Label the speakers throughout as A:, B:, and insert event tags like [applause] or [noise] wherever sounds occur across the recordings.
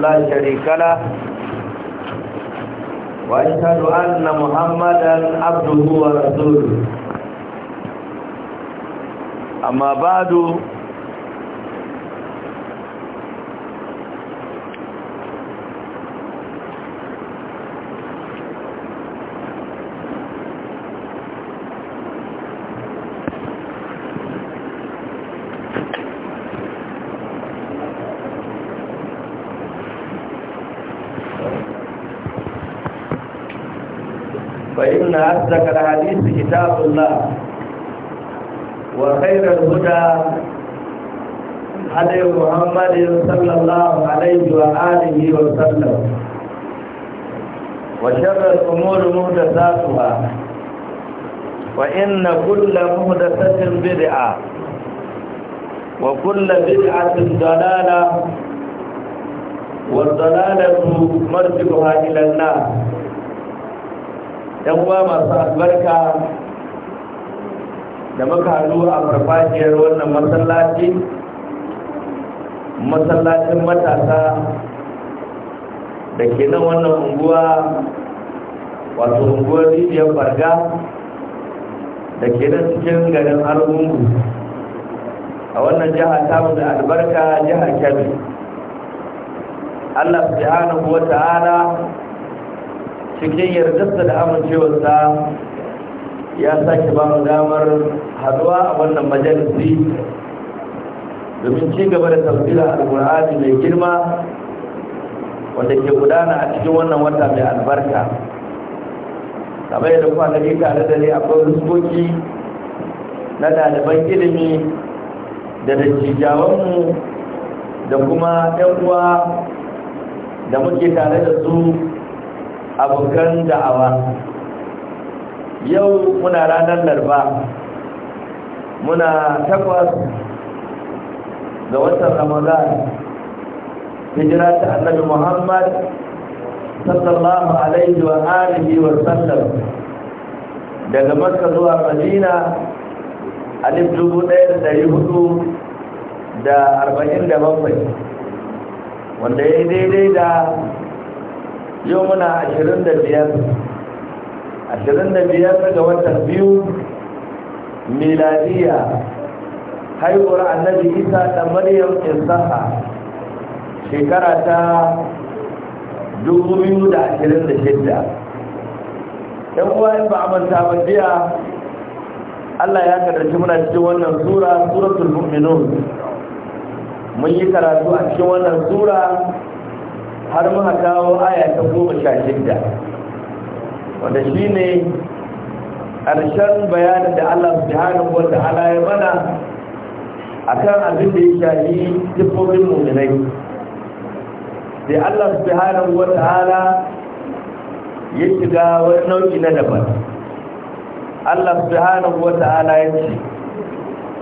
A: ulajari kala wa ashadu anna muhammadan abduhu wa rasul amma ba'du فإن أصدق الحديث كتاب الله وخير الهدى هدي محمد صلى الله عليه وآله وسلم وشر الأمور محدثاتها وإن كل محدثة بدعة وكل بدعة ضلالة والضلالة مرجعها إلى النار yan uwa masu albarka da maka haɗu a farfajiyar wannan matsalaci masallacin matasa da ke nan wannan unguwa wato unguwar rijiyar barga da ke nan cikin garin argungu a wannan jiha tamu da albarka jihar kebbi allah subhanahu wa ta'ala cikin yardarsa da amincewarsa ya sake ba mu damar haduwa a wannan majalisi domin ci gaba da tafsira al-qur'ani mai girma wanda ke gudana a cikin wannan wata mai albarka kamar yadda kuma nake tare da ni akwai ruskoki na ɗaliban ilimi da dattijawanmu da kuma 'yan uwa da muke tare da su abokan da'awa yau muna ranar larba muna takwas ga watan ramadan hijira ta annabi muhammad sallallahu alaihi wa alihi wa sallam daga makka zuwa madina alif dubu ɗaya da ɗari hudu da arba'in da bakwai wanda ya yi daidai da yau muna ashirin da biyar ashirin da biyar ga watan biyu miladiya haihuwar annabi isa da maryam isaha shekara ta dubu biyu da ashirin da shidda yan uwa in ba amanta ba biya, allah ya kadarci muna cikin wannan sura suratul mu'minun mun yi karatu a cikin wannan sura har muka kawo aya ta goma sha shidda wanda shi ne ƙarshen bayanin da Allah subhanahu wa ta'ala ya mana akan abin da ya shafi siffofin mu'minai Da Allah subhanahu wa ta'ala ya shiga wani nau'i na daban Allah subhanahu wa ta'ala ya ce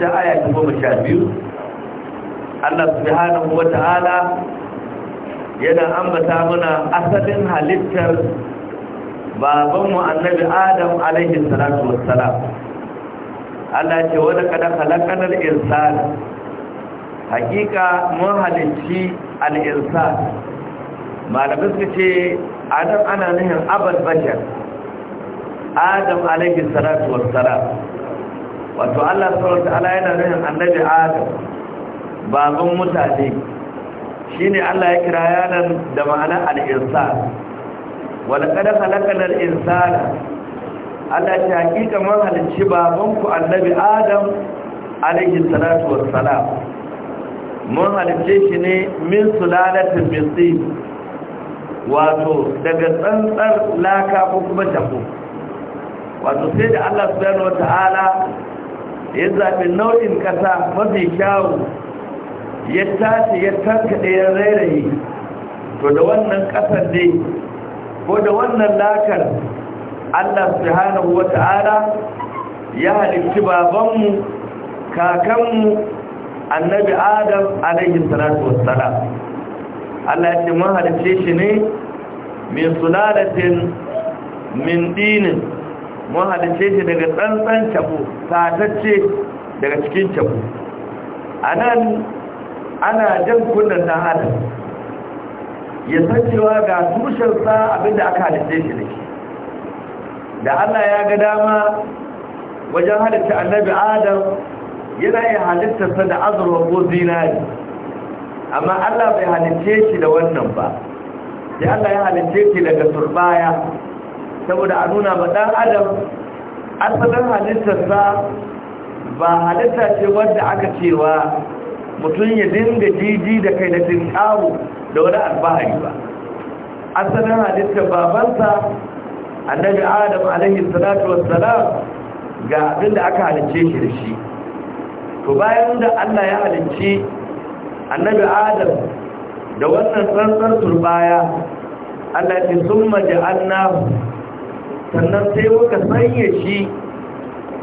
A: ta aya ta goma sha biyu Allah subhanahu wa ta'ala yana ambata mana asalin halittar babanmu annabi Adam alaihi salatu wassalam Allah ce wani kada al insan hakika mun al al'insan malamin su ce adam ana nihin abad bashar adam alaihi salatu wassalam wato Allah subhanahu wataala yana nufin annabi Adam baban mutane shine Allah ya kira yanan da ma'ana al-insan wala kada khalaqana al-insan Allah ya hakika mun halicci baban ku annabi Adam alaihi salatu wassalam mun halicce shi ne min sulalatin bisin wato daga tsantsar laka ko kuma tabo wato sai da Allah subhanahu wataala ya zaɓi nau'in ƙasa mafi kyawu ya tashi ya tankaɗe ya rairaye to da wannan ƙasar ne ko da wannan lakar allah subhanahu wa ta'ala ya halitti babanmu kakanmu annabi adam alaihi salatu wassalam allah ya ce mun shi ne min sulalatin min dinin mun halice shi daga tsantsan cabu tatacce daga cikin cabu a nan ana jan kunnan na adam ya san cewa ga tushensa abinda aka halice shi ne da Allah ya ga dama wajen halitta annabi adam yana iya halittarsa da azurwa ko zinari amma Allah bai halice shi da wannan ba sai Allah ya halice shi daga turbaya saboda a nuna ba ɗan adam asalin halittarsa ba halitta ce wadda aka cewa mutum ya dinga jiji da kai da kawo da wani albahari ba asalin halittar babansa annabi adam alaihi salatu wassalam ga abin da aka halicce shi da shi to bayan da Allah ya a annabi adam da wannan tsantsar turbaya Allah ya ce sun maji annahu sannan sai muka sanya shi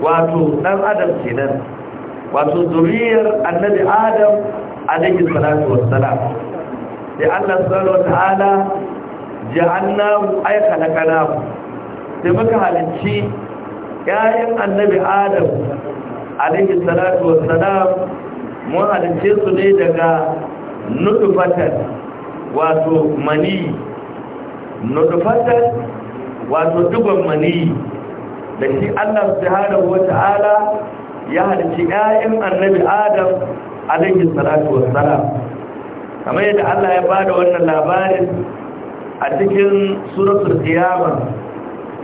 A: wato ɗan adam kenan wato zuriyar annabi adam alaihi salatu wassalam sai Allah Ta'ala subhanahu wataala aika na khalaqnahu sai muka halicci ƴaƴan annabi adam alaihi salatu wassalam mun halicce su ne daga nutfatan wato mani nutfatan wato dubban mani da shi Allah subhanahu wata'ala ya halici ƴaƴan annabi Adam alaihi salatu wassalam kamar yadda Allah ya bada wannan labarin a cikin suratul qiyama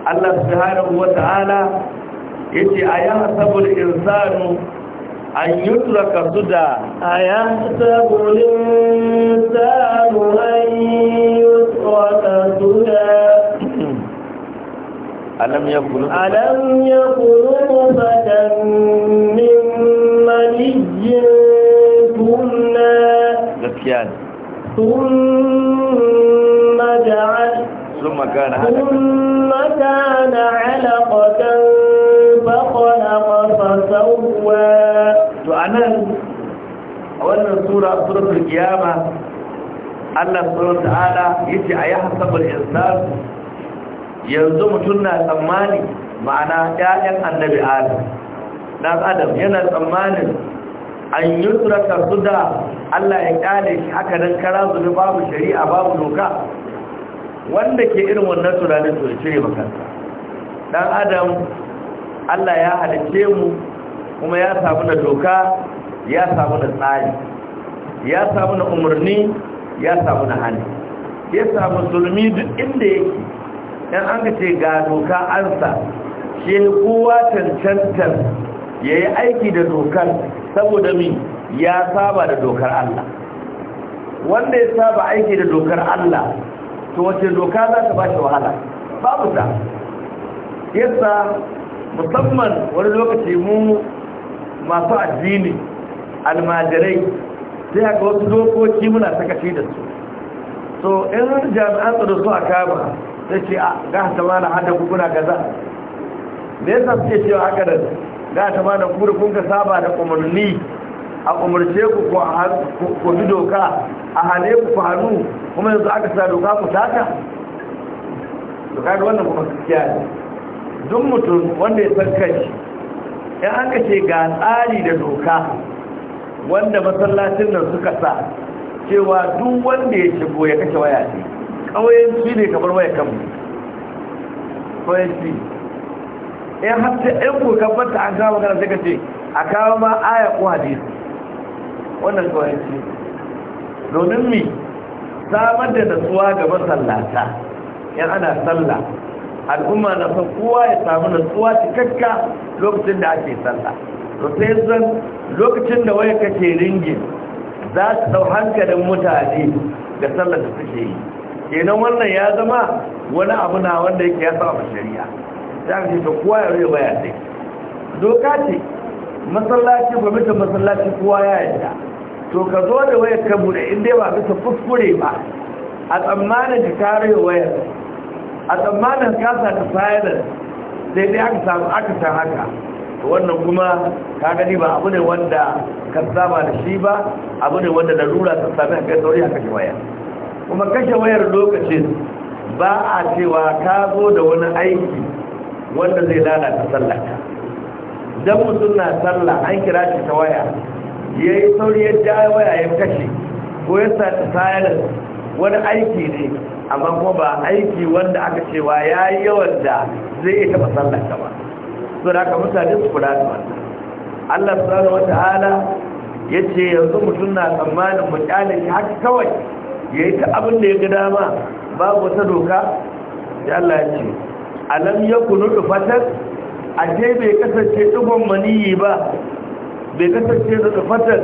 A: Allah subhanahu wata'ala yace sabul insanu an yutraka suda
B: sabul insanu an yutraka suda
A: ألم يقل
B: ألم يقل نطفة من ملي كنا ذكيان ثم جعل ثم كان ثم كان علقة فخلق فسوى أنا أول سورة سورة القيامة
A: الله سبحانه وتعالى يجي أيها حسب الإنسان yanzu mutum na tsammani ma'ana ƴaƴan annabi adam na adam yana tsammanin an yusraka su da Allah ya ƙyale shi haka don kara zubi babu shari'a babu doka wanda ke irin wannan tunanin to cire makanta dan adam Allah ya halice mu kuma ya samu da doka ya samu da tsari ya samu da umarni ya samu da hannu ya samu zulmi duk inda yake yan an ga ce ga doka ansa shi kowa cancantar ya yi aiki da dokar saboda mi ya saba da dokar Allah wanda ya saba aiki da dokar Allah to wace doka za ta ba shi wahala babu ta yasa musamman wani lokaci mu masu addini almajirai sai haka wasu dokoki muna sakaci da su so in jami'an tsaro su a kama sai ce a ga ta mana hada ku kuna gaza? me yasa suke cewa haka da ga ta mana ku kun ka saba da umarni a umarce ku ku bi doka a hane ku ku hannu kuma yanzu aka sa doka ku taka doka da wannan kuma gaskiya ne duk mutum wanda ya san kai, in aka ce ga tsari da doka wanda masallacin nan suka sa cewa duk wanda ya shigo ya kashe waya ne ƙauyenci ne kamar waya kan ƙauyenci in hatta in ku kabbata an kawo magana suka ka ce a kawo ma aya ko hadisi wannan ƙauyenci domin mi samar da natsuwa ga masallata yan ana sallah al'umma na san kowa ya samu natsuwa cikakka lokacin da ake sallah to sai zan lokacin da waya kake ringin za su ɗau hankalin mutane da sallar da suke yi kenan wannan ya zama wani abu na wanda yake ya saba shari'a ta ka ce to kowa ya rai baya dai doka ce masallaci mutum masallaci kowa ya yadda to ka zo da wayar ka bude in dai ba bisa kuskure ba a tsammanin ka kare wayar a tsammanin ka sa ta sayar sai dai aka samu aka san haka wannan kuma ka gani ba abu ne wanda ka saba da shi ba abu ne wanda rura ta sami a kai sauri haka shi wayar kuma kashe wayar lokacin ba a cewa ka zo da wani aiki wanda zai lalata sallah dan mutum na sallah an kira shi ta waya ya yi sauri ya ja waya ya kashe ko ya sata tayar wani aiki ne amma kuma ba aiki wanda aka cewa ya yi yawan da zai iya taɓa sallah ba su da aka mutane su kula da wannan allah subhanahu wa ta'ala yace yanzu mutum na tsammanin mu kyale shi haka kawai ya yi ta abin da ya ga dama babu wata doka ya lalace ya alam ya kunu dufatar a ce bai kasance dugon maniyi ba bai kasance da dufatar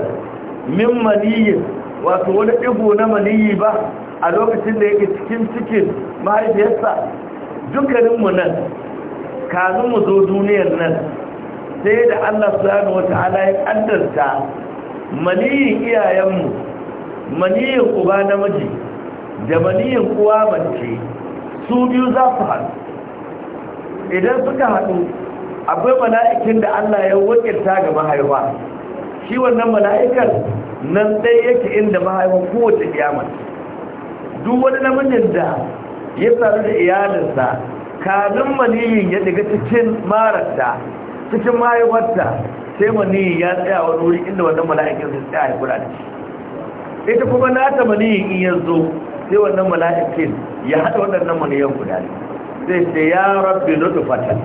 A: min maniyi wato wani ɗigo na maniyi ba a lokacin da yake cikin cikin mahaifiyarsa dukkaninmu nan kanin mu zo duniyar nan sai da Allah wata Ala ya kaddarta maniyin iyayenmu maniyin uba namiji da maniyin uwa mace su biyu za su haɗu idan suka haɗu akwai mala'ikin da Allah ya wakilta ga mahaifa shi wannan mala'ikan nan ɗaya yake inda mahaifa kowace kiyama duk wani namijin da ya tsaru da iyalinsa kanin maniyin ya daga cikin mararta cikin mahaifarta sai maniyin ya tsaya wani wuri inda wannan mala'ikin su tsaya ya kula da shi ita kuma na ta maniyin in yanzu sai wannan mala'ikin ya haɗa waɗannan maniyan guda ne sai ce ya rabbi nutu fatan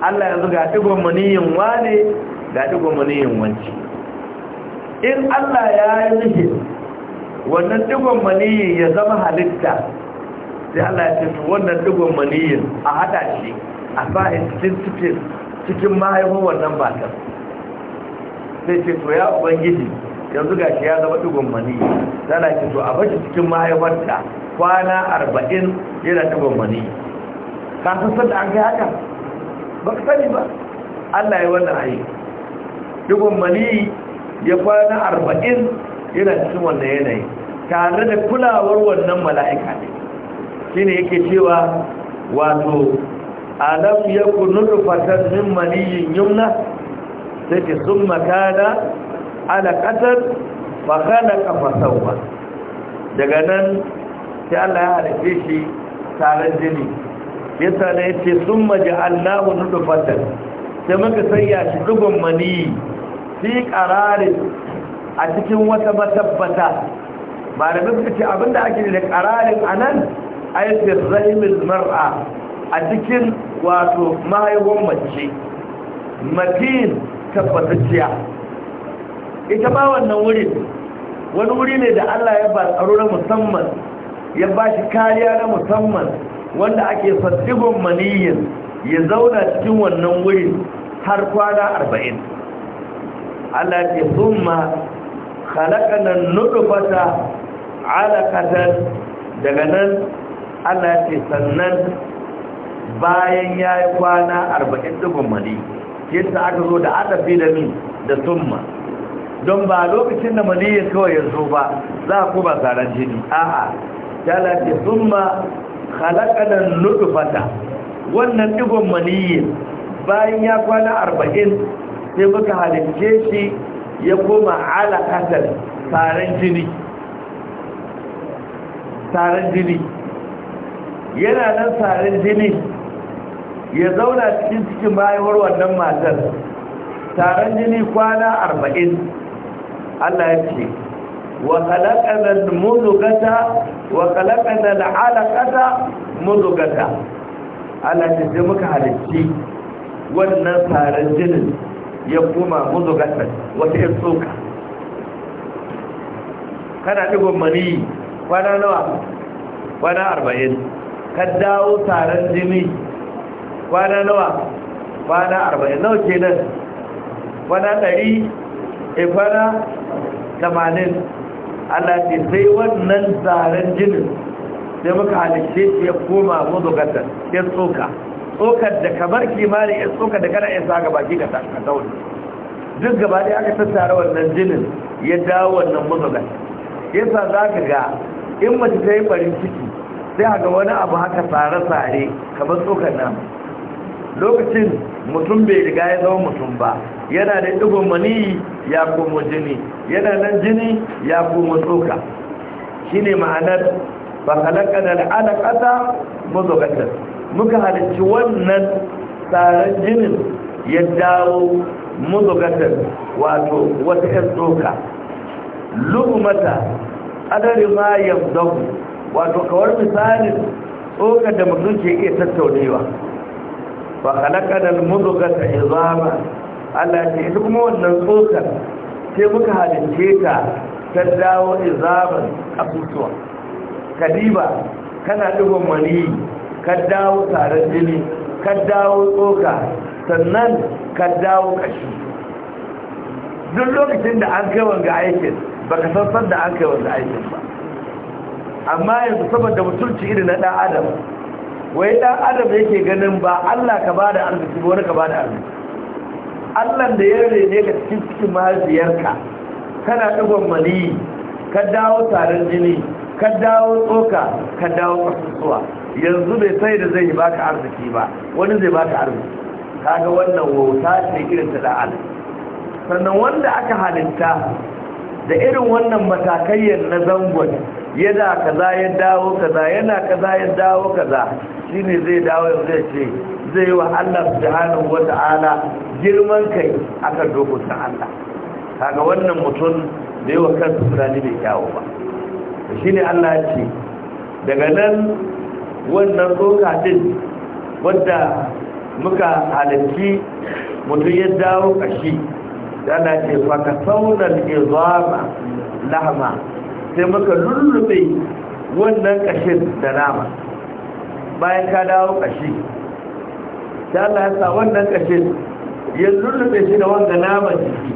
A: Allah yanzu ga ɗigon maniyin wane ga ɗigon maniyin wanci in Allah ya yi nufi wannan ɗigon maniyin ya zama halitta sai Allah ya ce wannan ɗigon maniyin a haɗa shi a sa'in cikin cikin mahaifin wannan batar sai ce to ya ubangiji yanzu ga shi ya zama digon mani tana ce to a bashi cikin mahaifarta kwana arba'in yana digon mani ka san sanda an kai haka ba ka sani ba allah ya wannan ayi digon mani ya kwana arba'in yana cikin wannan yanayi tare da kulawar wannan mala'ika ne shi ne yake cewa wato alam ya kunu rufatan min maniyin yumna sai ke sun makana alaqatan fa khalaqa ka daga nan sai Allah ya halice shi taron jini yasa sun yace summa nudu fatan, sai muka sanya shi dubun mani fi qararin a cikin wata matabbata ba da duka ce abinda ake da qararin anan yi rahimil mar'a a cikin wato mahaihuwar mace matin tabbatacciya ita ba wannan wuri wani wuri ne da Allah ya ba tsaro na musamman ya ba shi kariya na musamman wanda ake fasigon maniyin ya zauna cikin wannan wuri har kwana arba'in Allah ke summa halakanan nufata alakatar daga nan Allah ce sannan bayan ya yi kwana arba'in dubin mani yadda aka zo da adafi da min da summa don ba lokacin da maniyyar kawai ya ba za a kuma tsaron jini a'a ya lafi sun ma halakanan nufata wannan ɗigon maniyyar bayan ya kwana arba'in sai muka halitce shi ya koma alaƙatar tsaron jini tsaron jini yana nan tsaron jini ya zauna cikin cikin bayan wannan matar tsaron jini kwana arba'in Allah ya ce wa khalaqana al-mudghata wa khalaqana al-'alaqata mudghata Allah ya ce muka halicci wannan faran jinin ya kuma mudghata wata yin tsoka kana digon mani kwana nawa kwana arba'in ka dawo taron jini kwana nawa kwana arba'in nawa kenan kwana ɗari e kwana tamanin Allah sai wannan zaren jinin sai muka halice shi ya koma muzugatar ya tsoka tsokar da kamar kimanin ya tsoka da kana isa ga baki ka tauni duk gaba ne aka tattara wannan jinin ya dawo wannan ya yasa za ka ga in mace ta yi farin ciki sai a ga wani abu haka tsare-tsare kamar tsokar nan lokacin mutum bai riga ya zama mutum ba yana da ɗigon mani ya komo jini yana nan jini ya komo tsoka shi ne ma'anar ba halakka da al'adakata mazogatar muka halici wannan tsarin jinin ya dawo mazogatar wato wata ‘yan tsoka lukumata adari ma yamzaku wato kawar misalin tsokar da mutum ke iya tattaunewa ba halakka da mazogatar zama. Allah ce ita kuma wannan tsokar sai muka halince ta ta dawo izaban kasusuwa kadiba kana dubon mani ka dawo tare jini ka dawo tsoka sannan ka dawo kashi duk lokacin da an kai wanga aikin baka san da an kai wanga aikin ba amma yanzu saboda mutunci iri na ɗan adam wai ɗan adam yake ganin ba Allah ka bada arziki ba wani ka bada arziki Allah da ya rene ka cikin cikin mahaifiyarka kana ɗigon mali ka dawo tarin jini ka dawo tsoka ka dawo kasusuwa yanzu bai sai da zai baka arziki ba wani zai baka arziki kaga wannan wauta ce irin ta da'al sannan wanda aka halitta da irin wannan matakayyar na zangon yana kaza ya dawo kaza yana kaza ya dawo kaza shine zai dawo yanzu ya ce zai yi wa Allah subhanahu wata'ala girman kai aka dokokin Allah kaga wannan mutum da yi wa kansa tunani bai kyawo ba shi ne Allah ya ce daga nan wannan doka din wadda muka halarci mutum ya dawo kashi yana ce faka saunar izama lahama sai muka lullube wannan kashin da nama bayan ka dawo kashi sha Allah ya sa wannan kashin ya lullube shi da wanda naman jiki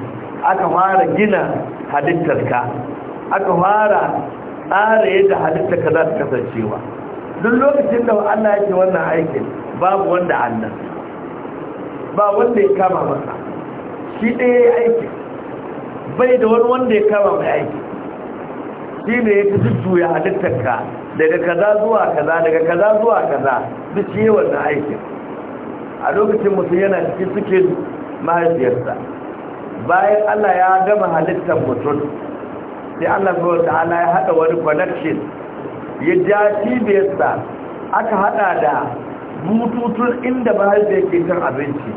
A: aka fara gina halittarka aka fara tsara yadda halittarka za ta kasancewa duk lokacin da Allah ya ce wannan aikin babu wanda Allah ba wanda ya kama masa shi ɗaya ya aiki bai da wani wanda ya kama mai aiki shi ne ya fi jujjuya halittarka daga kaza zuwa kaza daga kaza zuwa kaza duk shi wannan aikin a lokacin mutum yana cikin cikin mahaifiyarsa bayan Allah ya gama halittar mutum sai Allah zuwa ta'ala ya haɗa wani connection ya ja cibiyarsa
B: aka haɗa da bututun
A: inda mahaifiyar ke cin abinci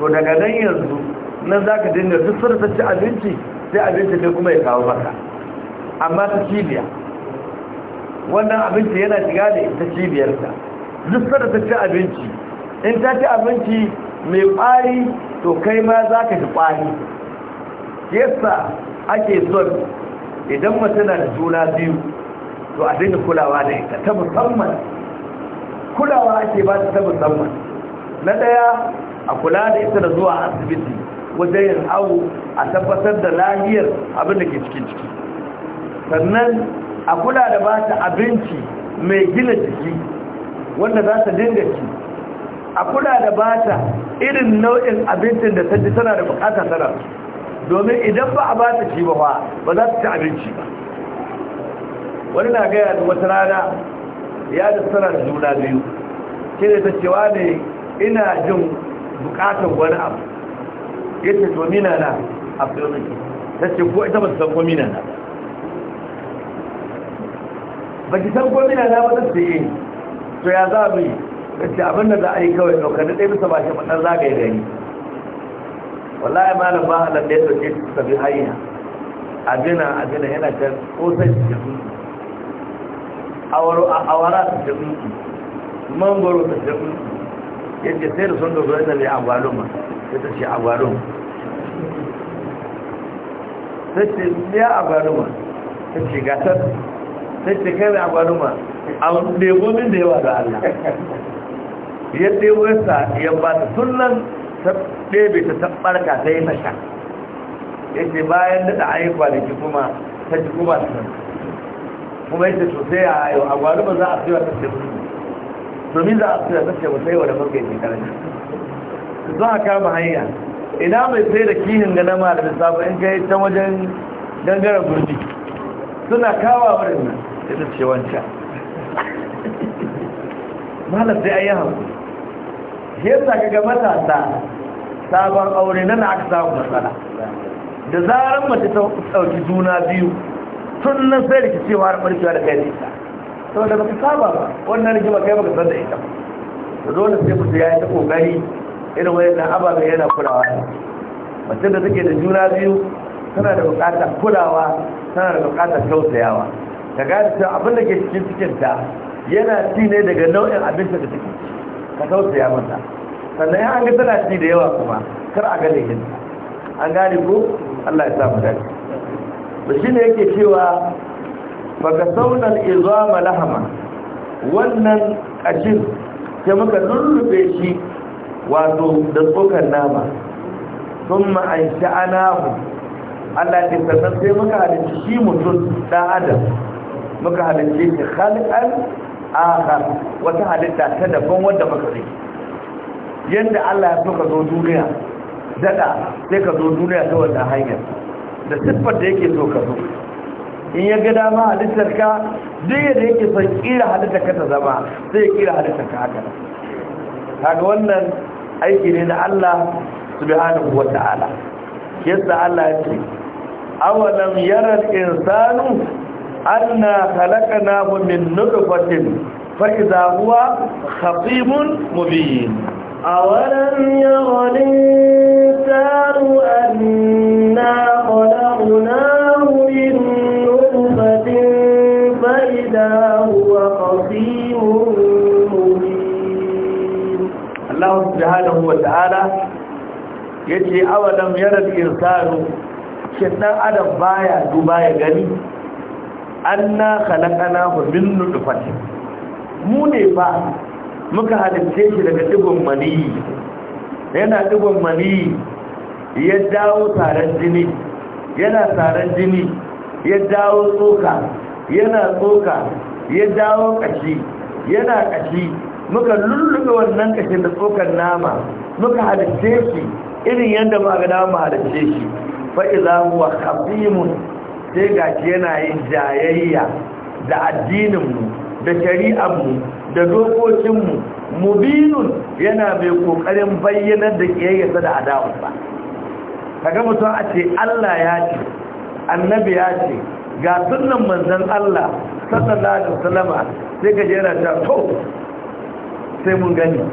A: to daga nan yanzu nan za ka dinga duk sarfa ci abinci sai abinci ne kuma ya kawo baka amma ta cibiya wannan abinci yana shiga da ta cibiyarsa duk sarfa ci abinci in ta ci abinci mai ƙwari to kai ma za ka ji ƙwari yasa ake son idan mace na da juna biyu to a dinga kulawa da ita ta musamman kulawa ake ba ta musamman na ɗaya a kula da ita da zuwa asibiti wajen yin awo a tabbatar da lahiyar abin da ke cikin ciki sannan a kula da ba ta abinci mai gina jiki wanda za ta dinga ci a kula da bata irin nau'in abincin da ta ji tana da bukata tana domin idan ba a bata ci ba ba za ta ci abinci ba wani na gaya da wata rana ya da tana da juna biyu ke da ta cewa ne ina jin bukatan wani abu ya ce domina na a filomiki ta ce ko ita ba su san komina na ba ki san komina na ba ta ce eh, to ya za mu yi kace abin da za a yi kawai ɗauka da ɗaya bisa shi ɗan zagaye Wala wallahi malam ba halar da ya sauke su sabi hanya a jina yana can kosai su A awara su jabi mangoro su jabi yadda sai da sun da zuwa zai agwalon ma ya ta ce agwalon sai ce ya agwalon ma ta ce gasar sai ce kai agwalon ma a lebomin da yawa da allah yadda yi wuyarsa ya ba ta sunan ta ɗebe ta tabbarka ta yi nasha ya ce bayan daɗa an da ke kuma ta ji kuma ta kuma yake sosai a ayo a ba za a siya ta ce musu domin za a siya ta ce musu yau da mafi Su za a kama hanya ina mai sai da kihin ga nama da lissafi in kai can wajen gangaren burji suna kawo wurin nan ita ce wancan malar sai an yi hankali yadda ka ga matasa sabon aure nan aka samu matsala da zarar mace ta ɗauki juna biyu tun nan sai da cewa har ɓarkewa da kai nisa saboda baka saba ba wannan rigima kai baka san da ita ba dole sai mutum ya yi ta kokari irin wani dan ababe yana kulawa mace da take da juna biyu tana da bukatar kulawa tana da bukatar tausayawa ta gane cewa abin da ke cikin cikinta yana ci ne daga nau'in abin da take ka tausaya mata sannan ya hangi tana ci da yawa kuma kar a gane laifin an gane ko Allah ya sa mu dace shi shine yake cewa fa ka saunan izama lahama wannan ƙashin sai muka lullube shi wato da tsokan nama sha'ana ansha'nahu Allah ya sannan sai muka halicci shi mutum ɗan adam muka halicce shi khalqan akhar wata halitta ta daban wanda baka sani yanda Allah ya so zo duniya dada sai ka zo duniya ta wannan hanyar da siffar da yake so ka zo in ya ga dama halittar ka duk yadda yake son kira halittar ka ta zama sai ya kira halittar ka haka kaga wannan aiki ne na Allah subhanahu wa ta'ala yasa Allah ya ce awalam yara al-insanu anna khalaqnahu min nutfatin fa idha huwa khatimun
B: mubin awalam yara al-insanu anna khalaqnahu min nutfatin fa idha huwa khatimun mubin
A: Allah subhanahu wa ta'ala yace awalam yara al-insanu shin dan adam baya duba ya gani anna khalaqnahu min nutfatin mu ne ba muka halitta shi daga dubun mani yana dubun mani ya dawo taran jini yana taran jini ya dawo tsoka yana tsoka ya dawo kashi yana kashi muka lulluga wannan kashin da tsokar nama muka halitta shi irin yadda ma ga dama halitta shi fa'iza huwa khabimun sai gashi yana yin jayayya da addininmu da shari'armu da dokokinmu mubinun yana mai kokarin bayyanar da kiyayyarsa da adawarsa kaga mutum a ce Allah ya ce annabi ya ce ga sunan manzan Allah sallallahu alaihi wasallama sai ka jera ta to sai mun gani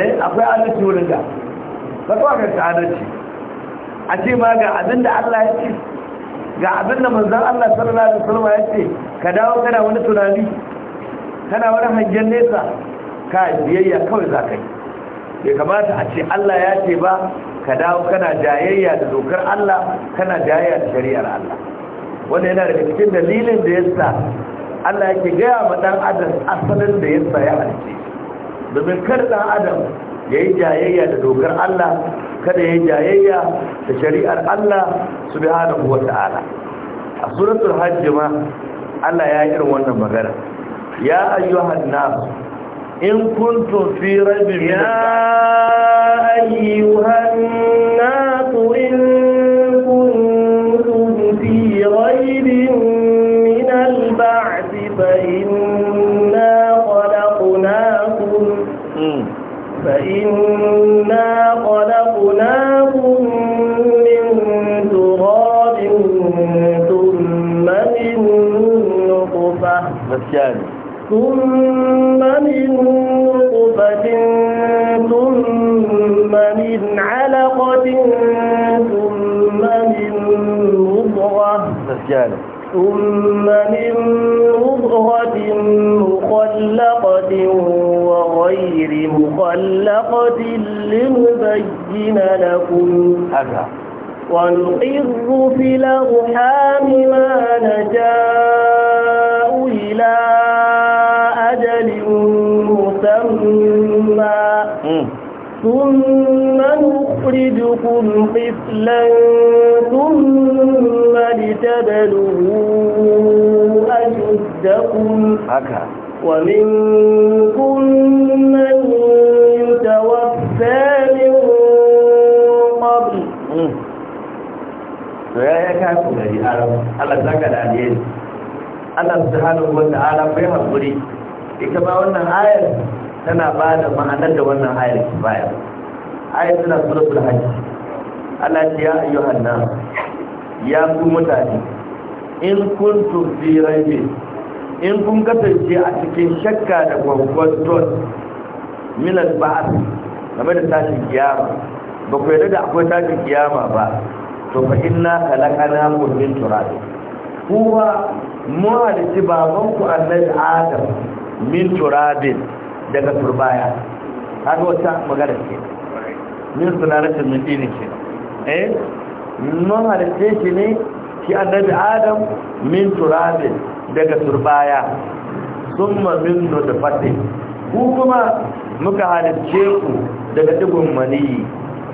A: eh akwai adalci wurin ga ba ka ka adalci a ce ma ga abinda Allah ya ce ga abin da manzan Allah sallallahu alaihi wasallam ya ce ka dawo kana wani tunani kana wani hangen nesa ka biyayya kawai za ka yi bai kamata a ce Allah ya ce ba ka dawo kana jayayya da dokar Allah kana jayayya da shari'ar Allah wanda yana daga cikin dalilin da yasa Allah yake gaya ma dan adam asalin da yasa ya halice domin kar dan adam ya yi jayayya da dokar Allah kada ya jayayya da shari'ar Allah subhanahu wa ta'ala a suratul hajj ma Allah ya irin wannan magana ya ayyuhan nas in kuntum fi raibin ya
B: ayyuhan nas in kuntum fi raibin min al-ba'th fa inna khalaqnakum hmm. fa inna الثاني ثم من نطفة ثم من علقة ثم من مضغة الثاني ثم من مضغة مخلقة وغير مخلقة لنبين لكم هذا ونقر في الأرحام ما نشاء إلى أجل مسمى ثم نخرجكم طفلا ثم لتبلغوا أشدكم ومنكم من يتوفى من قبل.
A: Saya kan sudah di Arab, Allah sangat adil. Allah subhanahu wa ta'ala bai hakuri ita ba wannan ayar tana ba da ma'anar da wannan ayar ke bayar ayar tana suratul hajj Allah ce ya ayyuhan nas ya ku mutane in kun fi raibi in kun kasance a cikin shakka da gwagwaton min al game da tashin kiyama ba ku yarda da akwai tashin kiyama ba to fa inna khalaqnakum min turab kuwa mu ku babanku annabi adam min turabin daga turbaya kaga wata magana ce min sulalatin min dini ce eh mun shi ne shi annabi adam min turabin daga turbaya ma min nutfatin ku kuma muka halice ku daga digon maniyi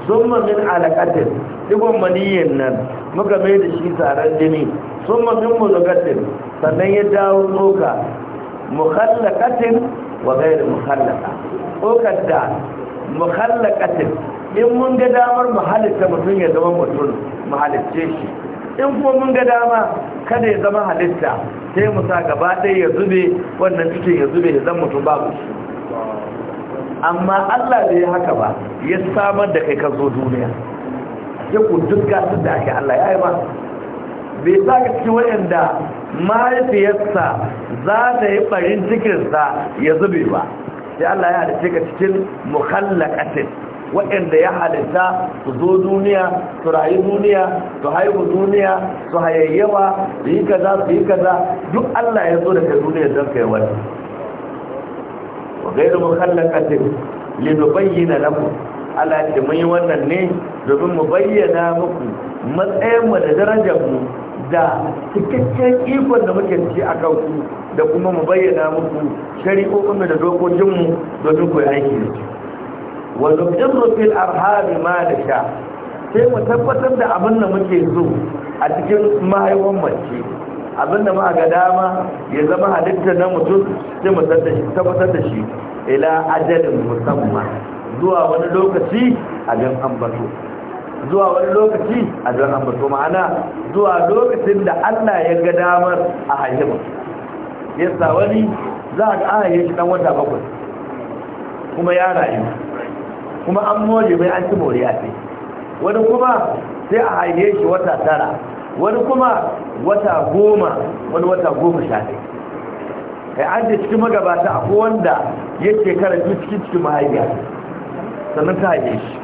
A: sun mamin alaƙatin ɗigon maniyyar nan muka mai da shi taron jini sun mamin muzaqatin sannan ya dawo tsoka mukhallaqatin wa ghayr mukhallaqa tsokar da mukhallaqatin in mun ga damar mu halitta mutum ya zama mutum mu halicce shi in kuma mun ga dama kada ya zama halitta sai mu sa gaba ɗaya ya zube wannan cikin ya zube ya zama mutum babu shi amma Allah bai haka ba ya samar da kai ka zo duniya ya ku dukka su da ake Allah ya yi ba bai sa ka ciki wayanda mahaifiyarsa za ta yi farin cikinsa ya zube ba sai Allah ya halitta ka cikin mukhallaqatin waɗanda ya halitta su zo duniya su rayu duniya su haihu duniya su hayayyawa su yi kaza su yi kaza duk Allah ya zo da kai duniya don kai wani wa gairu mukhallaqatin linubayyana lakum ala da mun yi wannan ne domin mu bayyana muku matsayin mu da darajar mu da cikakken ikon da muke ci a kanku da kuma mu bayyana muku shari'o'in da dokokin mu domin ku aiki da su wa nuqirru fil arhami ma da sha sai mu tabbatar da abin da muke so a cikin mahaiwan mace abinda ma ga dama ya zama halitta na mutum sai mu tabbatar da shi ila ajalin musamman zuwa wani lokaci a don ambato zuwa wani lokaci a don ambato ma'ana zuwa lokacin da Allah ya ga damar a haihuwa yasa wani za a ga haihe shi dan wata bakwai kuma ya rayu kuma an moje mai an ci moriya ce wani kuma sai a haihe shi wata tara wani kuma wata goma wani wata goma sha ɗaya an da cikin magabata a wanda ya ce karatu cikin cikin mahaifiya sannan ta haife shi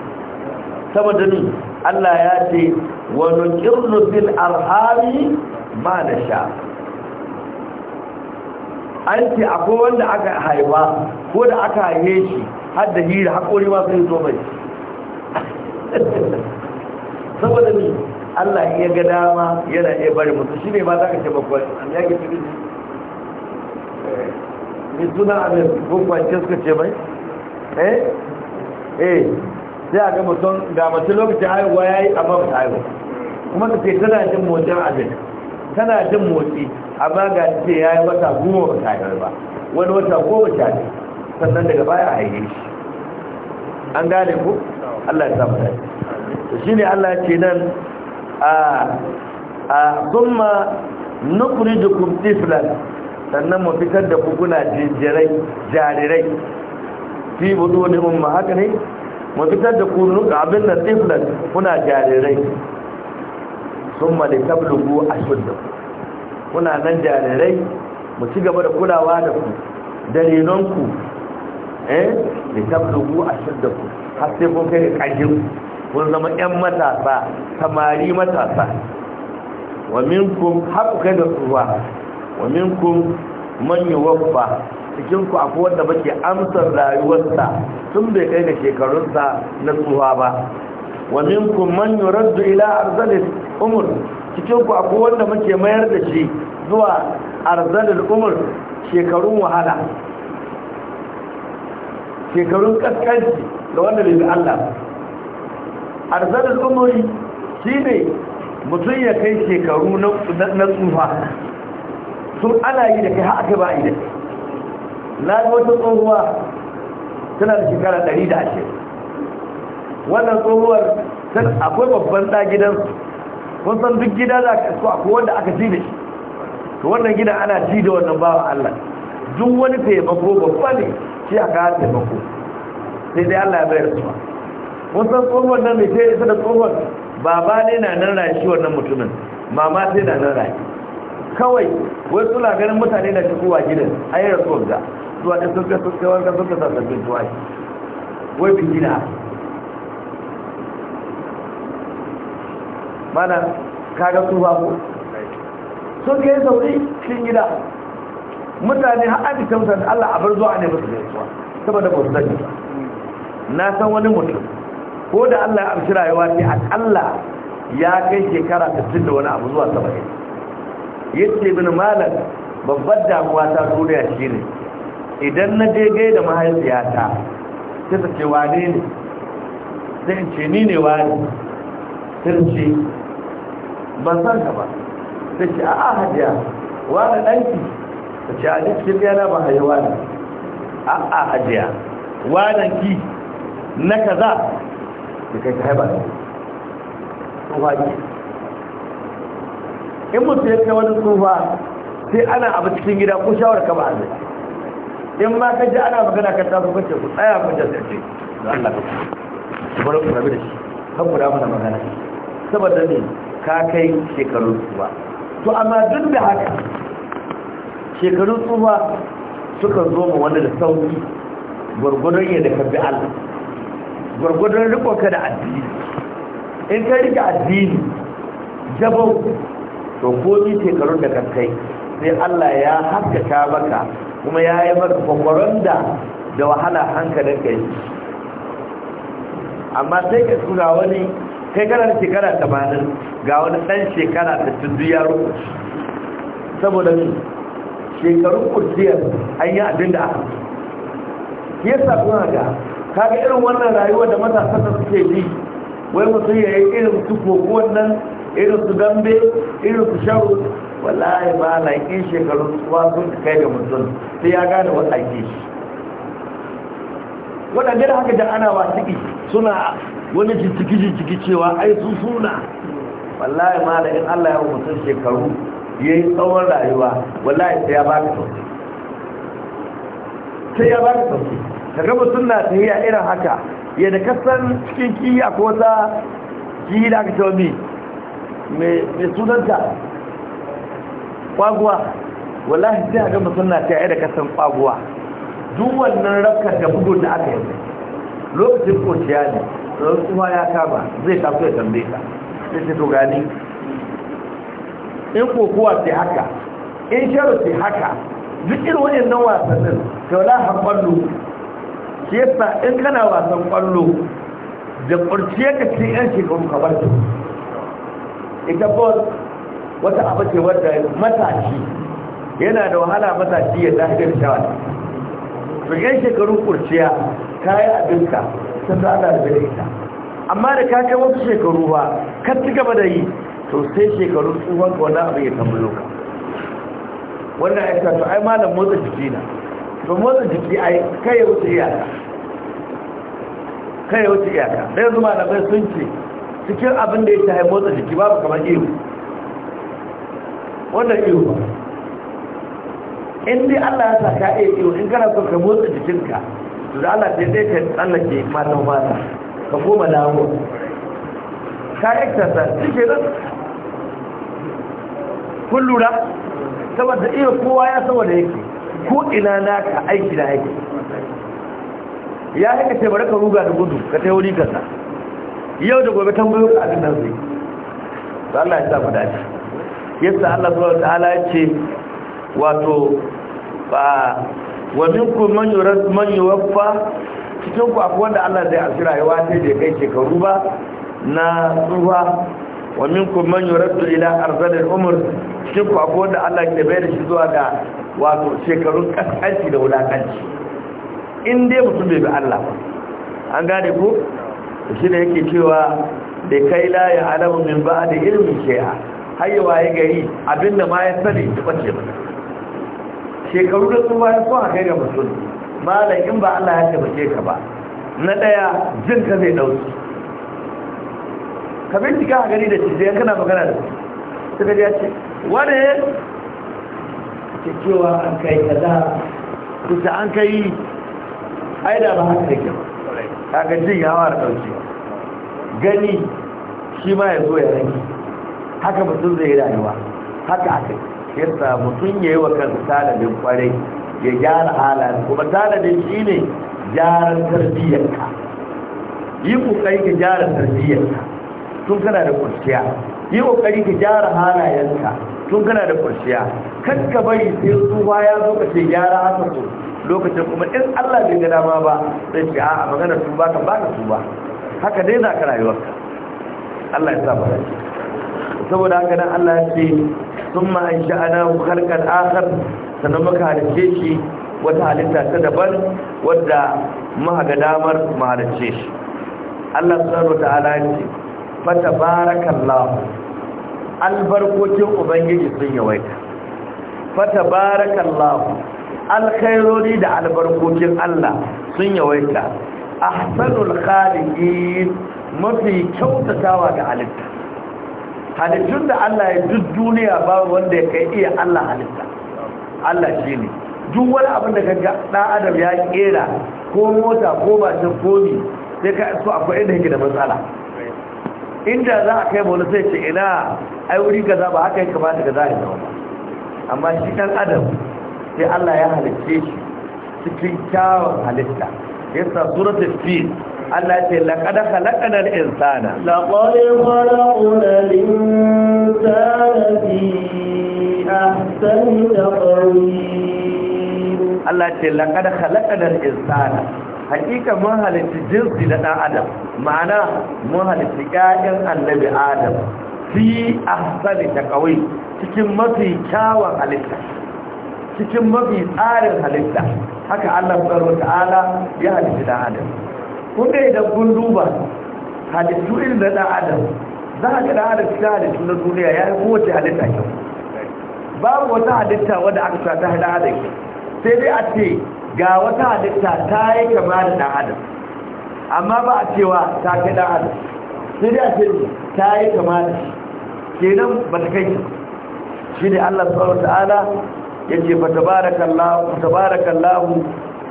A: saboda ni Allah ya ce wani ƙirnu bil ma da sha an ce akwai wanda aka haifa ko da aka haife shi har hira haƙori ma sai zo mai [laughs] saboda ni Allah ya ga dama yana iya bari mutu shi ne ma za ka ce babban ya ga cikin ne suna abin suka ce mai eh eh sai a ga mutum ga mace lokacin haihuwa ya yi amma ba haihu kuma ta ce tana jin motsin abin tana jin motsi amma ga ce ya yi wata goma ba ta haihu ba wani wata goma ta ne sannan daga baya a haihe shi an gane ku Allah ya samu dace to shine Allah ya ce nan a da nukhrijukum tiflan sannan mu fitar da kukuna jinjirai jarirai fi buduni umma haka ne mu fitar da kunu abin da tiflan kuna jarirai thumma litablugu ashuddakum kuna nan jarirai mu ci gaba da kulawa da ku dalilonku eh da ku, har sai kun kai ƙarfin kun zama ƴan matasa samari matasa wa minkum haqqu da suwa wa minkum man yuwaffa cikin ku akwai wanda bake amsar rayuwarsa tun bai kai ga shekarunsa na tsuwa ba wa minkum man yuraddu ila arzalil umur cikin ku akwai wanda muke mayar da shi zuwa arzalil umur shekarun wahala shekarun kaskanci da wanda bai bi Allah arzalin umari shi ne mutum ya kai shekaru na tsufa sun ana yi da kai haka ba yi da na ga wata tsohuwa tana da shekara 120 wannan tsohuwar akwai babban ɗa gidansu kun san duk gida da aka so akwai wanda aka ci da shi to wannan gida ana ci da wannan bawa Allah duk wani taimako babba ne shi aka taimako sai dai Allah ya bayar su ba Wasan san tsohon nan mai sai isa da tsohon baba ne na nan rashi wannan mutumin mama sai na nan rashi kawai wai suna ganin mutane na shigowa gidan a yi rasuwar ga zuwa da sun kasu kawar ka sun kasa sabbin shi? wai bin gina mana kaga su ba ko sun kai sauri cikin gida mutane har an ta Allah a bar zuwa ne ba su gaisuwa saboda ba su sani na san wani mutum ko da Allah ya amshi rayuwa ne a akalla ya kai shekara 60 da wani abu zuwa 70 ce ibn malar babbar damuwa ta duniya ne. idan na je da mahaifiyata sai ta ce wane ne sai ce ni ne wane sai ce ban san ka ba ta ce a'a hajiya wane ɗanki ta ce a jikin yana ba haiwa ne a'a hajiya wane ki na kaza da kai ta haiba da tsufa ne in mutum ya kai wani tsufa sai ana abu cikin gida ko shawar ka ba a zai in ma ka ji ana magana ka tafi kwace ku tsaya ku jan sarki da Allah ka ku bar ku rabu da shi kan ku damu magana saboda ne ka kai shekaru tsufa to amma duk da haka shekaru tsufa sukan zo ma wani da sauki gwargwadon yadda ka bi Allah gwargwadon rikonka da addini in ka rike addini jabon to komi shekarun da kankai sai Allah ya haskaka maka kuma ya yi maka kwakwaron da da wahala hankalin ka yi amma sai ka tura wani kai kanar shekara tamanin ga wani ɗan shekara ta tundu ya rukunci saboda shekarun kurciyar an yi abin da aka yasa kuma ga kaga irin wannan rayuwar da matasa da suke yi wai mutum ya yi irin su koko wannan irin su dambe irin su sharu wallahi ba na ƙin shekarun suwa sun kai ga mutum sai ya gane wata ake shi waɗanda da haka da ana wasiki suna wani jijjiki jijjiki cewa ai su suna wallahi ma da in allah ya wa mutum shekaru ya yi tsawon rayuwa wallahi sai ya baka sauki sai ya baka sauki ka gaba suna ta yi a irin haka yadda kasan cikin kiyi a kota kiyi da aka cewa mi mai sunanta kwaguwa wallahi sai a gama suna ta yi da kasan kwaguwa duk wannan rafka da bugu da aka yi lokacin kociya ne kuma ya kama zai kasu ya tambaye ka sai ce to gani in kokowa sai haka in sharu sai haka duk irin nan wasannin kyau la haɓar shi yasa in kana wasan kwallo da kurciya ka ce yan shekaru ka bar ta ita bol wata abu ce wadda matashi yana da wahala matashi ya zahidar shawar su yan shekaru kurciya ta yi abinka ta zaɗa da bada ita amma da ka kai wasu shekaru ba ka ci gaba da yi to sai shekaru tsohon ka wani abu ya kama loka wannan aika to ai malam motsa jiki na to motsa jiki ai kai ya wuce iyaka kai wuce iyaka sai zuma na bai sun ce cikin abin da ya ta motsa jiki babu kamar ihu wannan ihu ba in dai allah ya sa ka iya ihu in kana so ka motsa jikinka to da allah ta dai ka tsallake matan mata ka koma dawo ka exercise cike nan kun lura saboda iya kowa ya saboda yake ko ina naka aiki da aiki ya haka ce bari ka ruga da gudu ka ta wuri kasa yau da gobe tambayo ka abin nan zai ba Allah ya samu mu dace yasa Allah subhanahu wataala ya ce wato ba wa minku man yurad man yuwaffa cikin ku akwai wanda Allah zai asira ya sai da kai shekaru ba na tsuwa wa minku man rasu ila arzalin umar cikin ku akwai wanda Allah ke bayar da shi zuwa ga wato shekarun kaskanci da wulakanci in dai mutum bai bi Allah an gane ko shi ne yake cewa da kai la ya alamu min ba da ilmin shay'a hayyawa ya gari abinda ma ya sani ta bace ba shekaru da su bayan sun haka ga mutum malam in ba Allah ya tabbace ka ba na daya jin ka zai dauki ka bincika a gari da sai kana magana da su suka ya ce wani ke cewa an kai kaza kusa an kai aida da ba haka yake kaga jin hawa da dauki gani shi ma ya zo ya rage haka mutum zai yi rayuwa haka haka yasa mutum ya yi wa kansa talabin kwarai ya gyara halayen kuma talabin shi ne gyaran tarbiyyarka yi kokari ka gyara tarbiyyarka tun kana da kurciya yi kokari ka gyara halayenka tun kana da kurciya kan bari sai tsufa ya zo ka ce gyara haka ko. lokacin kuma in Allah bai ga dama ba sai ce a'a magana ba kan su ba haka dai za ka ka Allah ya sa ba saboda haka nan Allah ya ce summa an sha'ana khalqan akhar sanan muka halice shi wata halitta ta daban wadda muka ga damar mu halice shi Allah subhanahu ta'ala ya ce fa tabarakallahu albarkokin ubangiji sun yawaita fa tabarakallahu alkhairori da albarkokin Allah sun yawaita ahsanul khaliqin mafi kyautatawa ga halitta halittun da Allah ya duk duniya ba wanda ya kai iya Allah halitta Allah shi ne duk wani abin da kaga dan adam ya kera ko mota ko ta komi sai ka so akwai inda yake da matsala inda za a kai bola sai ce ina ai wuri kaza ba haka ya kamata ga zai zama amma shi dan adam sai Allah ya halicce shi cikin kyawun halitta yasa suratul fil Allah ce laqad khalaqna al-insana
B: laqad khalaqna al-insana fi ahsani
A: taqwim Allah ce laqad khalaqna al-insana hakika mun halitta jinsi da dan adam ma'ana mun halitta ƴaƴan annabi adam fi ahsani taqwim cikin mafi kyawun halitta cikin mafi tsarin halitta haka Allah subhanahu ta'ala ya halitta da adam kun ga idan kun duba halittu irin da dan adam za ka da adam cikin halittu na duniya ya yi kowace halitta kyau babu wata halitta wadda aka sa ta da adam sai dai a ce ga wata halitta ta yi kama da dan adam amma ba a cewa ta kai dan adam sai dai a ce ta yi kama da shi kenan ba ta kai shi ne Allah subhanahu ta'ala yace fa tabarakallahu tabarakallahu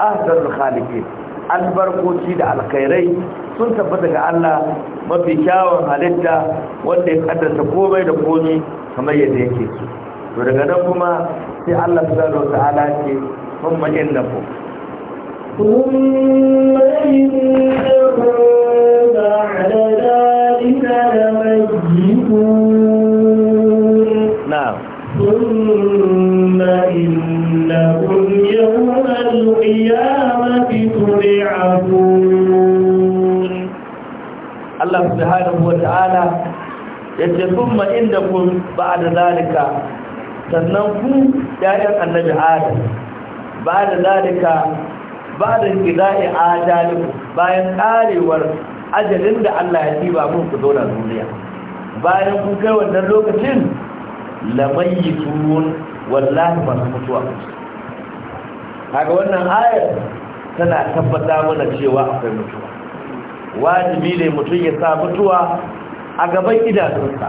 A: ahdarul khaliqin albarkoci da alkhairai sun tabbata ga Allah mafi kyawun halitta wanda ya kaddasa komai da komai kamar yadda yake to daga nan kuma sai Allah subhanahu wataala ce kun yin da
B: ku ثم تعملون الله سبحانه وتعالى
A: yace kuma inda kun ba'da zalika sannan ku yayan annabi adam ba'da zalika ba'da qida'i ajalu bayan karewar ajalin da Allah ya tiba mun ku zo duniya bayan ku kai wannan lokacin lamayitun wallahi masu mutuwa haka wannan ayar tana tabbata mana cewa akwai mutuwa wajibi ne mutum ya sa mutuwa a gaban idanunsa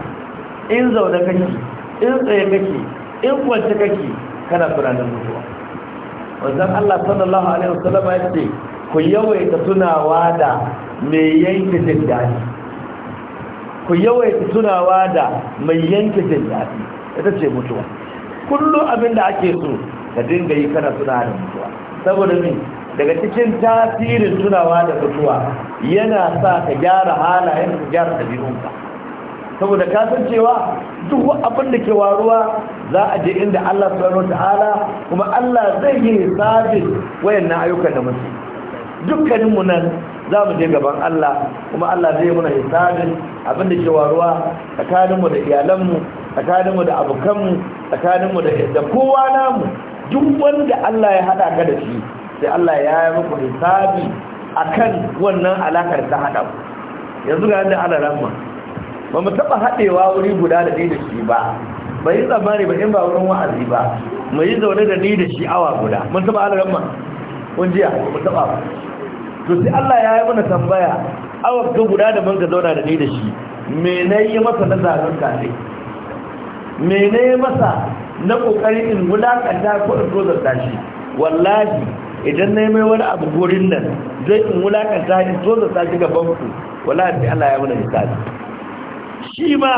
A: in zaune kake in tsaye kake in kwance kake kana tunanin mutuwa wanzan Allah sallallahu alaihi wasallam ya ce ku yawaita tunawa da mai yanke jin daɗi ku yawaita tunawa da mai yanke jin ita ce mutuwa kullum abin da ake so ka dinga yi kana tunawa da mutuwa saboda min daga cikin tasirin tunawa da mutuwa yana sa ka gyara halayen ka gyara ɗabi'unka saboda ka san cewa duk abin da ke waruwa za a je inda Allah subhanahu ta'ala kuma Allah zai yi wayan na ayyukan da mutu dukkanin mu nan za mu je gaban Allah kuma Allah zai muna hisabin abin da ke waruwa tsakanin mu da iyalanmu, tsakaninmu tsakanin mu da abokanmu, tsakaninmu tsakanin mu da kowa namu duk wanda Allah ya hada ka da shi sai Allah ya yi muku hisabi a kan wannan alakar ta haɗa yanzu ga yadda ana ramma ba mu taɓa haɗewa wuri guda da ni da shi ba ba yi tsammani ba in ba wurin wa'azi ba mu yi zaune da ni da shi awa guda mun taɓa ana ramma kun jiya mu taɓa ba to sai Allah ya yi mana tambaya awa ga guda da mun ga zauna da ni da shi me na yi masa na zalun kafe me na yi masa na ƙoƙari in wulaƙanta ko in tozarta shi wallahi idan na yi mai wani abu gurin nan zai in wulakanta in zo da sashi gaban ku wala bi Allah ya muna misali shi ma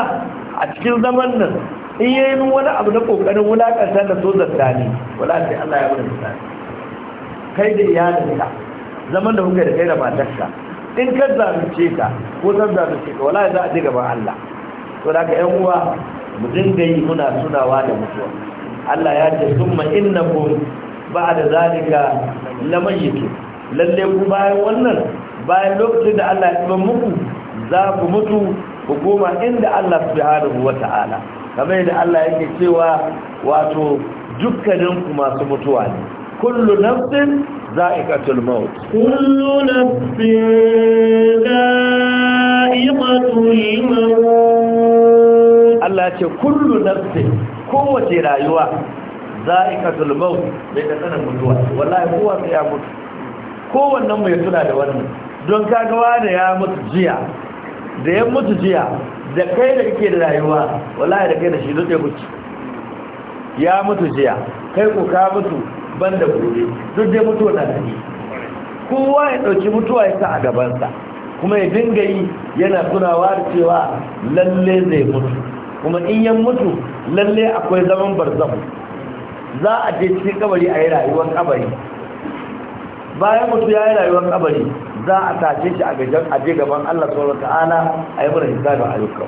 A: a cikin zaman nan in yi min wani abu na kokarin wulakanta da zo zarta ne wala bi Allah ya muna misali kai da ka zaman da kuka da kai da matarka in ka zarce ka ko zan zarce ka wala za a ji gaban Allah to da ka yan uwa mu dinga yi muna sunawa da mutuwa Allah ya ce summa innakum ba'da zalika lamayyitu lalle ku bayan wannan bayan lokacin da Allah ya tsiban muku za ku mutu ku goma inda Allah subhanahu wata'ala kamar yadda Allah yake cewa wato dukkanin ku masu mutuwa ne kullu nafsin za'iqatul maut
B: kullu nafsin za'iqatul maut
A: Allah ya ce kullu nafsin kowace rayuwa za'ikatul maut bai da sanin mutuwa wallahi kowa sai ya mutu kowannen mu ya tuna da wannan don kaga da ya mutu jiya da ya mutu jiya da kai da kake da rayuwa wallahi da kai da shi duk mutu ya mutu jiya kai ko ka mutu banda gobe duk dai mutuwa na gani kowa ya dauki mutuwa ya sa a gabansa kuma ya dinga yi yana tunawa da cewa lalle zai mutu kuma in ya mutu lalle akwai zaman barzahu za a je cikin kabari a yi rayuwar kabari bayan mutu ya yi rayuwar kabari za a tashe shi a gajen aje gaban Allah sauran ta'ala a yi mara hisa ga ayyuka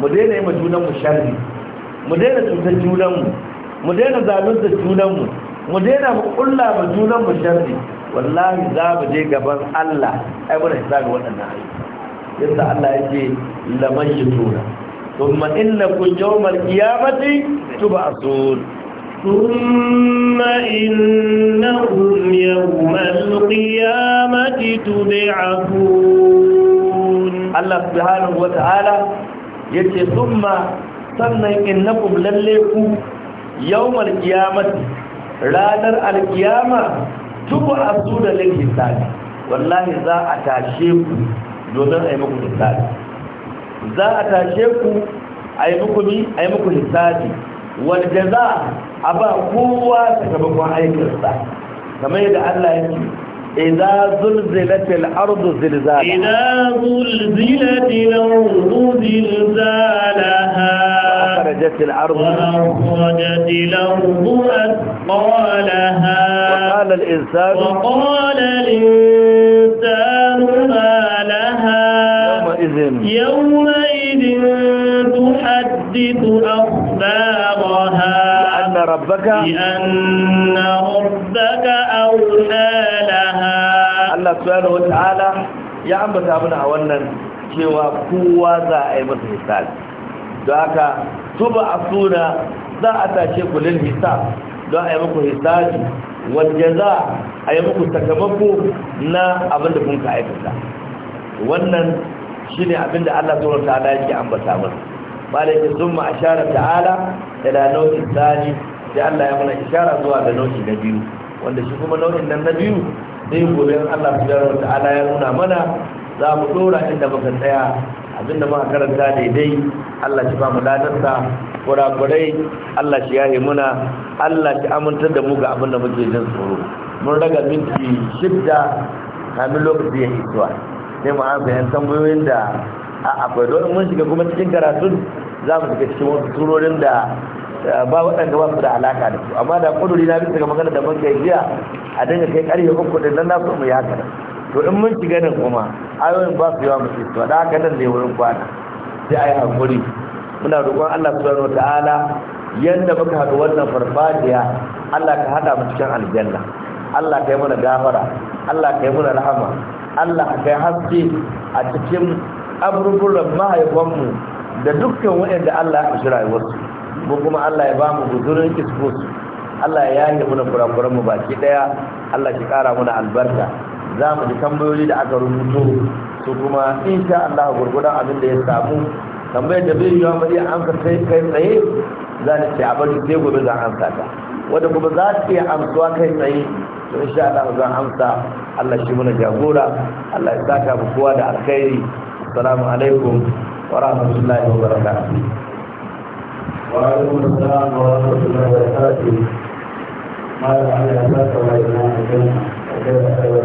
A: mu daina yi ma junanmu sharri mu daina cutar junanmu mu daina da junanmu mu daina mu kulla mu junanmu sharri wallahi za mu je gaban Allah a yi hisa ga waɗannan ayyuka yadda Allah ya ce laman yi tuna ثم
B: إنكم يوم القيامة تبعثون ثم إنهم يوم القيامة تبعثون الله سبحانه وتعالى يتي
A: ثم sannan innakum lalle ku yawmal qiyamati ranar alkiyama tubu asu da lil hisabi wallahi za a tashe ku domin a yi za a tashe ku a yi a yi muku hisabi wal jaza a ba kowa sakamakon aikinsa kamar yadda Allah ya ce idza zulzilatil ardu zilzala idza
B: zulzilatil ardu zilzalaha أخرجت الأرض وأخرجت الأرض أثقالها وقال الإنسان وقال الإنسان ما لها يومئذ يومئذ تحدث أخبارها rabbaka li'anna rabbaka awla laha Allah subhanahu
A: ya ambata mana a wannan cewa kowa za a yi masa hisabi don haka tuba za a tace ku lil hisab don a yi muku hisabi wanda za a yi muku sakamako na abin da kun ka aikata wannan shine abin da Allah subhanahu wata'ala yake ambata mana malaikin sun ma'ashara ta'ala ila nau'in Sani. sai Allah ya mana ishara zuwa da nau'i na biyu wanda shi kuma nau'in nan na biyu zai gobe Allah subhanahu ta'ala ya nuna mana za mu dora inda muka tsaya abinda muka karanta daidai Allah shi ba mu ladarsa kurakurai Allah shi yaye muna Allah shi amintar da mu ga abinda muke jin tsoro mun raga minti shidda kamin lokaci ya hitowa sai mu an bayan tambayoyin da akwai dole mun shiga kuma cikin karatun za mu shiga cikin wasu turorin da ba waɗanda ba su da alaka da su amma da kuduri na bisa ga magana da muka kai jiya a dinga kai ƙarfe uku din nan na so mu yi haka to in mun shiga nan kuma ayoyin ba su yawa mu su da haka nan ne wurin kwana sai a yi hankuri muna roƙon Allah subhanahu ta'ala yanda muka haɗu wannan farfajiya Allah ka haɗa mu cikin aljanna Allah ka yi mana gafara Allah ka yi mana rahama Allah ka yi haske a cikin abubuwan mahaifanmu da dukkan waɗanda Allah ya ƙashi rayuwarsu mu kuma Allah ya ba mu guzurin iskus Allah ya yaye muna kurakuran mu baki daya Allah ki kara muna albarka za mu ji tambayoyi da aka
B: rubuto
A: su kuma insha Allah gurgudan abin da ya samu tambayar da bai yiwa bari amsa ka sai kai tsaye za ni ce a bari sai gobe zan amsa ta wanda kuma za ta iya amsuwa kai tsaye to insha Allah zan amsa Allah shi muna jagora Allah ya saka mu kowa da alkhairi assalamu alaikum wa rahmatullahi wa barakatuh وعليكم السلام ورحمة الله وبركاته ما لعل أساس وإمام الجنة وكيف